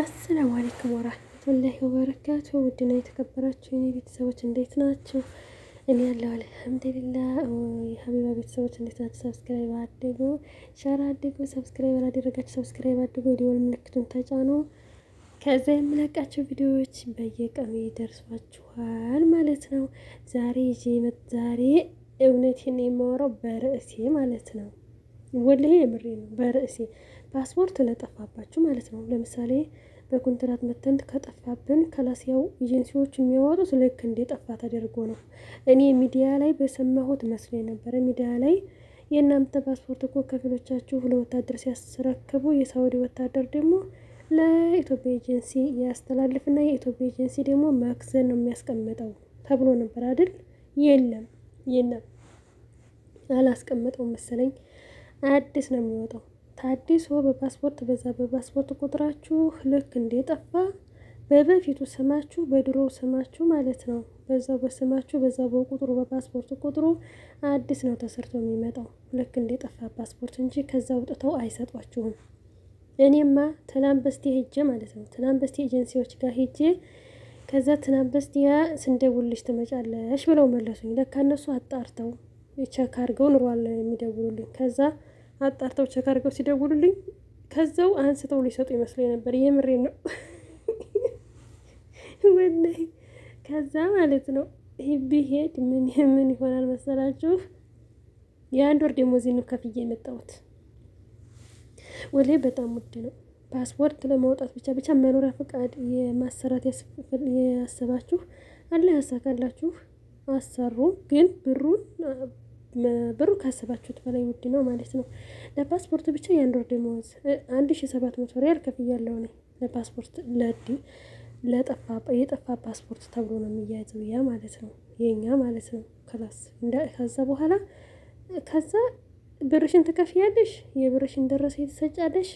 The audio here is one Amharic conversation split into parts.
አሰላሙ አለይኩም ወራህመቱላሂ ወበረካቱ። ውድና የተከበራችሁ የኔ ቤተሰቦች እንዴት ናችሁ? እኔ ያለው አልሐምዱሊላህ። የሀቢባ ቤተሰቦች እንዴት ናችሁ? ሰብስክራይብ አድርጉ፣ ሸር አድርጉ። ሰብስክራይብ አላደረጋችሁ ሰብስክራይብ አድርጉ፣ የደወል ምልክቱን ተጫኑ። ከዛ የምለቃቸው ቪዲዮዎች በየቀኑ ይደርሷችኋል ማለት ነው። ዛሬ ይዤ ዛሬ እውነቴን የማወራው በርዕሴ ማለት ነው። ወላሂ የምሬ ነው። በርዕሴ ፓስፖርት ለጠፋባችሁ ማለት ነው። ለምሳሌ በኮንትራት መተንት ከጠፋብን ከላሲያው ኤጀንሲዎች የሚያወጡት ልክ እንደ ጠፋ ተደርጎ ነው። እኔ ሚዲያ ላይ በሰማሁት መስሎ ነበረ። ሚዲያ ላይ የእናንተ ፓስፖርት እኮ ከፊሎቻችሁ ለወታደር ሲያስረክቡ የሳውዲ ወታደር ደግሞ ለኢትዮጵያ ኤጀንሲ ያስተላልፍና የኢትዮጵያ ኤጀንሲ ደግሞ መክዘን ነው የሚያስቀምጠው ተብሎ ነበር አይደል? የለም የለም አላስቀምጠው መሰለኝ። አዲስ ነው የሚወጣው ታዲሶ በፓስፖርት በዛ በፓስፖርት ቁጥራችሁ ልክ እንደጠፋ በበፊቱ ስማችሁ በድሮ ስማችሁ ማለት ነው። በዛው በስማችሁ በዛው በቁጥሩ በፓስፖርት ቁጥሩ አዲስ ነው ተሰርቶ የሚመጣው ልክ እንደጠፋ ፓስፖርት እንጂ ከዛ አውጥተው አይሰጧችሁም። እኔማ ትናንት በስቲያ ሄጄ ማለት ነው ትናንት በስቲያ ኤጀንሲዎች ጋር ሄጄ ከዛ ትናንት በስቲያ ስንደውልሽ ትመጫለሽ ብለው መለሱኝ። ለካ እነሱ አጣርተው ቸክ አድርገው ኑሯል የሚደውሉልኝ ከዛ አጣርተው ቸክ አድርገው ሲደውሉልኝ ከዛው አንስተው ሊሰጡ ይመስለኝ ነበር። የምሬ ነው ወላሂ። ከዛ ማለት ነው ቢሄድ ምን የምን ይሆናል መሰላችሁ? የአንድ ወር ደሞዜን ነው ከፍዬ የመጣሁት። ወላሂ በጣም ውድ ነው። ፓስፖርት ለማውጣት ብቻ ብቻ መኖሪያ ፈቃድ የማሰራት ያሰባችሁ አለ ያሳካላችሁ፣ አሰሩ ግን ብሩን ብሩ ካሰባችሁት በላይ ውድ ነው ማለት ነው። ለፓስፖርት ብቻ የአንድ ወር ደመወዝ አንድ ሺ ሰባት መቶ ሪያል ከፍያለሁ እኔ ለፓስፖርት ለዲ ለጠፋ የጠፋ ፓስፖርት ተብሎ ነው የሚያያዘው ያ ማለት ነው የኛ ማለት ነው። ከላስ ከዛ በኋላ ከዛ ብርሽን ትከፍያለሽ፣ የብርሽን ደረሰ የተሰጫለሽ፣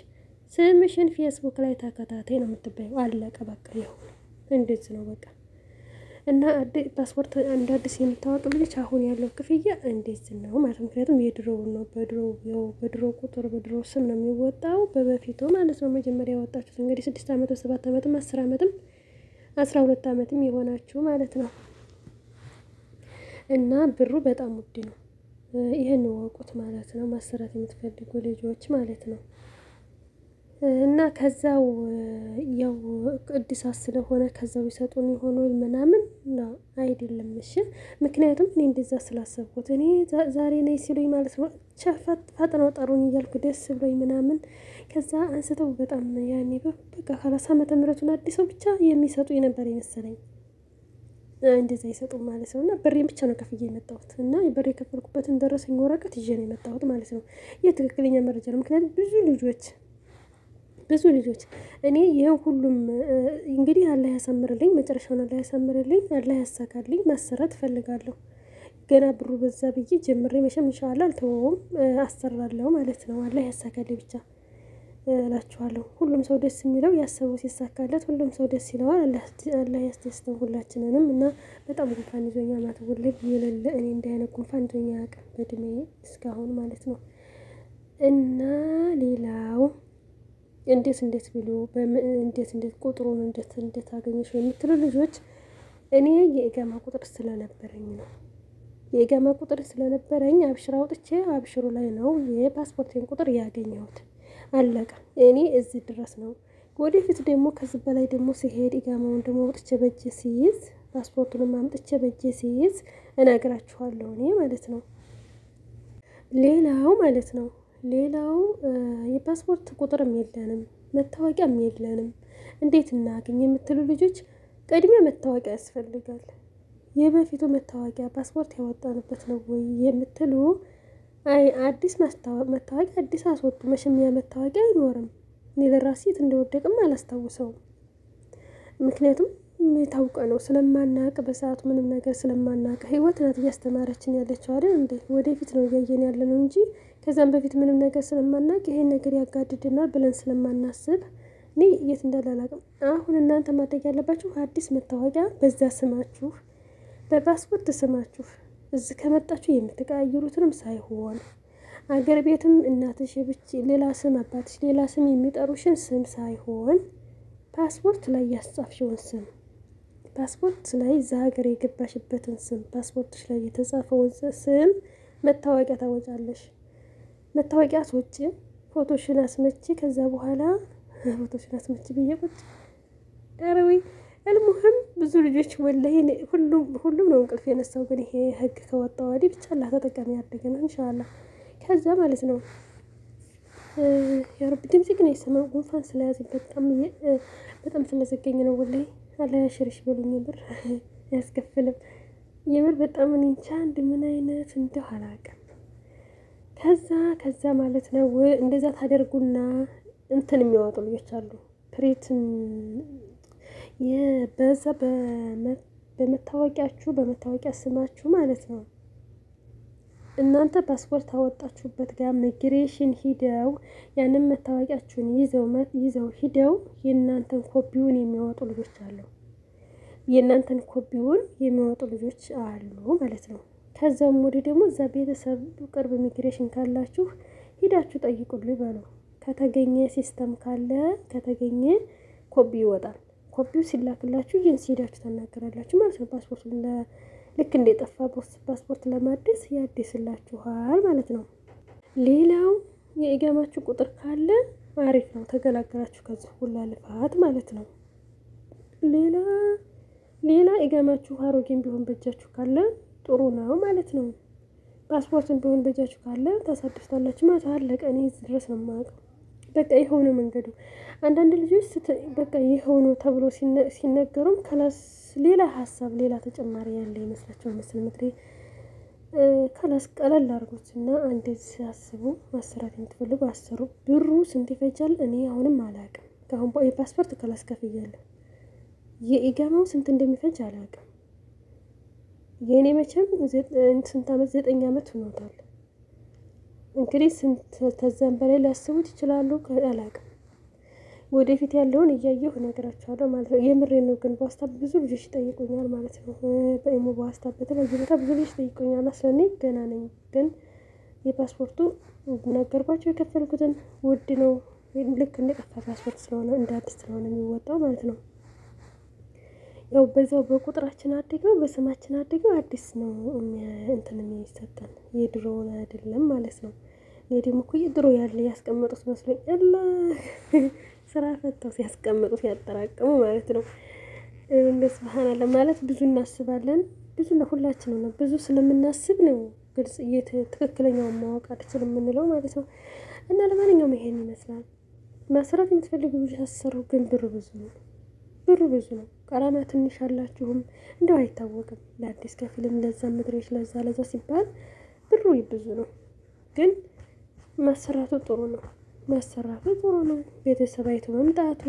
ስምሽን ፌስቡክ ላይ ተከታታይ ነው የምትባየው። አለቀ በቃ ይሁን። እንደዚህ ነው በቃ እና ፓስፖርት እንደ አዲስ የምታወጡ ልጆች አሁን ያለው ክፍያ እንዴት ነው ማለት ምክንያቱም የድሮው ነው በድሮ ቁጥር በድሮ ስም ነው የሚወጣው በበፊቱ ማለት ነው መጀመሪያ ያወጣችሁት እንግዲህ ስድስት ዓመትም ሰባት ዓመትም አስር ዓመትም አስራ ሁለት ዓመትም የሆናችሁ ማለት ነው እና ብሩ በጣም ውድ ነው ይህን እወቁት ማለት ነው ማሰራት የምትፈልጉ ልጆች ማለት ነው እና ከዛው ያው ቅድሳት ስለሆነ ከዛው ይሰጡን የሆነ ምናምን ነው አይደለም። እሺ ምክንያቱም እኔ እንደዛ ስላሰብኩት እኔ ዛሬ ነይ ሲሉኝ ማለት ነው ፈጥነው ጠሩን እያልኩ ደስ ብሎኝ ምናምን ከዛ አንስተው በጣም ያኔ በቃ ከራስ ዓመተ ምሕረቱን አዲሰው ብቻ የሚሰጡ የነበር ይመስለኝ እንደዛ ይሰጡ ማለት ነው። እና ብሬን ብቻ ነው ከፍዬ የመጣሁት እና ብር የከፈልኩበትን ደረሰኝ ወረቀት ይዤ ነው የመጣሁት ማለት ነው። ትክክለኛ መረጃ ነው። ምክንያቱም ብዙ ልጆች ብዙ ልጆች እኔ ይህን ሁሉም እንግዲህ አላህ ያሳምርልኝ፣ መጨረሻውን አላህ ያሳምርልኝ፣ አላህ ያሳካልኝ ማሰራት እፈልጋለሁ። ገና ብሩ በዛ ብዬ ጀምሬ መሸም እንሻላ አልተወውም፣ አሰራለሁ ማለት ነው። አላህ ያሳካልኝ ብቻ እላችኋለሁ። ሁሉም ሰው ደስ የሚለው ያሰበው ሲሳካለት፣ ሁሉም ሰው ደስ ይለዋል። አላህ ያስደስተው ሁላችንንም እና በጣም ጉንፋን ይዞኛ ማት ውልብ የሌለ እኔ እንዳይነት ጉንፋን ይዞኛ ያውቅ በድሜ እስካሁን ማለት ነው እና ሌላው እንዴት እንዴት ብሎ እንዴት እንዴት ቁጥሩን እንዴት እንዴት አገኘሽ የምትሉ ልጆች እኔ የኢጋማ ቁጥር ስለነበረኝ ነው። የኢጋማ ቁጥር ስለነበረኝ አብሽር አውጥቼ አብሽሩ ላይ ነው የፓስፖርቴን ቁጥር ያገኘሁት። አለቀ። እኔ እዚህ ድረስ ነው። ወደፊት ደግሞ ከዚህ በላይ ደግሞ ሲሄድ ኢጋማውን ደግሞ አውጥቼ በእጄ ሲይዝ ፓስፖርቱንም አምጥቼ በእጄ ሲይዝ እነግራችኋለሁ እኔ ማለት ነው። ሌላው ማለት ነው ሌላው የፓስፖርት ቁጥርም የለንም መታወቂያም የለንም። እንዴት እናገኝ የምትሉ ልጆች ቅድሚያ መታወቂያ ያስፈልጋል። የበፊቱ መታወቂያ ፓስፖርት ያወጣንበት ነው ወይ የምትሉ? አይ አዲስ መታወቂያ አዲስ አስወጡ። መሸሚያ መታወቂያ አይኖርም። እኔ ለራሴ የት እንደወደቅም አላስታውሰውም። ምክንያቱም የታውቀ ነው ስለማናቅ፣ በሰዓቱ ምንም ነገር ስለማናቅ፣ ህይወት ናት እያስተማረችን ያለችው አይደል? እንዴ ወደፊት ነው እያየን ያለ ነው እንጂ ከዛም በፊት ምንም ነገር ስለማናውቅ ይሄን ነገር ያጋድድናል ብለን ስለማናስብ እኔ የት እንዳለ አላውቅም። አሁን እናንተ ማድረግ ያለባችሁ አዲስ መታወቂያ በዛ ስማችሁ፣ በፓስፖርት ስማችሁ እዚህ ከመጣችሁ የምትቀያይሩትንም ሳይሆን አገር ቤትም እናትሽ ብቻ ሌላ ስም አባትሽ ሌላ ስም የሚጠሩሽን ስም ሳይሆን ፓስፖርት ላይ ያስጻፍሽውን ስም ፓስፖርት ላይ እዛ ሀገር የገባሽበትን ስም ፓስፖርትሽ ላይ የተጻፈውን ስም መታወቂያ ታወጫለሽ። መታወቂያ አስወጪ፣ ፎቶሽን አስመቺ፣ ከዛ በኋላ ፎቶሽን አስመቺ ብዬ ቁጭ ረዊ አልሙህም ብዙ ልጆች ወላሂ ሁሉም ነው እንቅልፍ የነሳው። ግን ይሄ ህግ ከወጣ ወዲህ ብቻ አላህ ተጠቃሚ ያደርገናል እንሻላ። ከዛ ማለት ነው የረብ ድምጽ ግን የሰማ ጉንፋን ስለያዘኝ በጣም በጣም ስለዘገኝ ነው ወላሂ። አላህ ያሽርሽ በሉኝ ብር ያስከፍልም የምር በጣም እኔ እንጃ እንደ ምን አይነት እንደው አላውቅም። ከዛ ከዛ ማለት ነው እንደዛ ታደርጉና እንትን የሚያወጡ ልጆች አሉ። ፕሬት በዛ በመታወቂያችሁ በመታወቂያ ስማችሁ ማለት ነው እናንተ ፓስፖርት አወጣችሁበት ጋር ሚግሬሽን ሂደው ያንን መታወቂያችሁን ይዘው ይዘው ሂደው የእናንተን ኮፒውን የሚያወጡ ልጆች አሉ። የእናንተን ኮፒውን የሚያወጡ ልጆች አሉ ማለት ነው። ከዛም ወዲህ ደግሞ እዛ ቤተሰብ ቅርብ ኢሚግሬሽን ካላችሁ ሂዳችሁ ጠይቁልኝ በለው። ከተገኘ ሲስተም ካለ ከተገኘ ኮቢ ይወጣል። ኮቢው ሲላክላችሁ ይህን ሄዳችሁ ተናገራላችሁ ማለት ነው። ፓስፖርት ልክ እንደጠፋ ፓስፖርት ለማደስ ያድስላችኋል ማለት ነው። ሌላው የኢቃማችሁ ቁጥር ካለ አሪፍ ነው፣ ተገላገላችሁ ከዚህ ሁላ ልፋት ማለት ነው። ሌላ ሌላ ኢቃማችሁ አሮጌም ቢሆን በእጃችሁ ካለ ጥሩ ነው ማለት ነው። ፓስፖርትን ቢሆን በእጃችሁ ካለ ታሳድፍታላችሁ ማለት አለቀ። እኔ እዚህ ድረስ ነው የማውቀው። በቃ የሆነ መንገዱ አንዳንድ ልጆች በቃ የሆኑ ተብሎ ሲነገሩም ከላስ ሌላ ሀሳብ ሌላ ተጨማሪ ያለ ይመስላቸው መስል ምክሬ ከላስ ቀለል አድርጎት እና አንዴ ሲያስቡ ማሰራት የምትፈልጉ አሰሩ። ብሩ ስንት ይፈጃል? እኔ አሁንም አላውቅም። ከአሁን የፓስፖርት ከላስ ከፍያለሁ። የኢጋማው ስንት እንደሚፈጅ አላውቅም። የእኔ መቼም ስንት ዓመት ዘጠኝ ዓመት ሆኖታል። እንግዲህ ተዛም በላይ ሊያስቡት ይችላሉ። አላውቅም። ወደፊት ያለውን እያየሁ እነግራቸዋለሁ ማለት ነው። የምሬ ነው። ግን በዋስታ ብዙ ልጆች ይጠይቁኛል ማለት ነው። በኢሞ በዋስታ በተለያዩ ቦታ ብዙ ልጆች ይጠይቁኛል። ስለኔ ገና ነኝ። ግን የፓስፖርቱ ነገርኳቸው። የከፈልኩትን ውድ ነው። ልክ እንደ ቀፋ ፓስፖርት ስለሆነ እንደ አዲስ ስለሆነ የሚወጣው ማለት ነው። ያው በዛው በቁጥራችን አድገው በስማችን አድገው አዲስ ነው እንትን የሚሰጠን የድሮውን አይደለም ማለት ነው። እኔ ደግሞ እኮ የድሮ ያለ ያስቀመጡት መስሎኝ ስራ ፈተው ሲያስቀምጡት ያጠራቀሙ ማለት ነው። እንደ ስብሃናላ ማለት ብዙ እናስባለን ብዙ ሁላችን ነው ብዙ ስለምናስብ ነው ግልጽ ትክክለኛውን ማወቅ አልችል የምንለው ማለት ነው። እና ለማንኛውም ይሄን ይመስላል። መስራት የምትፈልጉ ብዙ ያሰሩ ግን ብሩ ብዙ ነው። ብሩ ብዙ ነው። ቀራና ትንሽ አላችሁም እንደው አይታወቅም። ለአዲስ ከፊልም ለዛ ምድሬች ለዛ ለዛ ሲባል ብሩ ብዙ ነው፣ ግን መሰራቱ ጥሩ ነው። መሰራቱ ጥሩ ነው። ቤተሰብ አይቶ መምጣቱ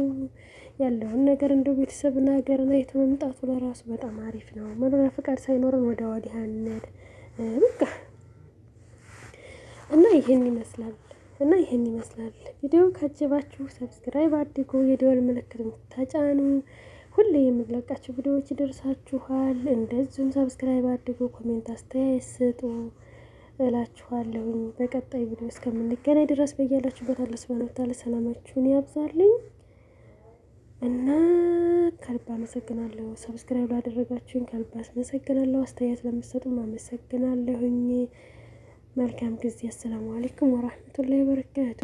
ያለውን ነገር እንደው ቤተሰብና ሀገርን አይቶ መምጣቱ ለራሱ በጣም አሪፍ ነው። መኖሪያ ፈቃድ ሳይኖረን ወደ ወዲህ አንሄድ በቃ እና ይህን ይመስላል እና ይህን ይመስላል ቪዲዮ ካጀባችሁ ሰብስክራይብ አድርጉ፣ የደወል ምልክት ተጫኑ። ሁሌ የምንለቃቸው ቪዲዮዎች ይደርሳችኋል። እንደዚሁም ሰብስክራይብ አድርጉ፣ ኮሜንት አስተያየት ስጡ እላችኋለሁኝ። በቀጣይ ቪዲዮ እስከምንገናኝ ድረስ በያላችሁበት አለ ስብን ታለ ሰላማችሁን ያብዛልኝ እና ከልብ አመሰግናለሁ። ሰብስክራይብ ላደረጋችሁኝ ከልብ አመሰግናለሁ። አስተያየት ለምትሰጡም አመሰግናለሁኝ። መልካም ጊዜ። አሰላሙ አለይኩም ወራህመቱላሂ ወበረካቱ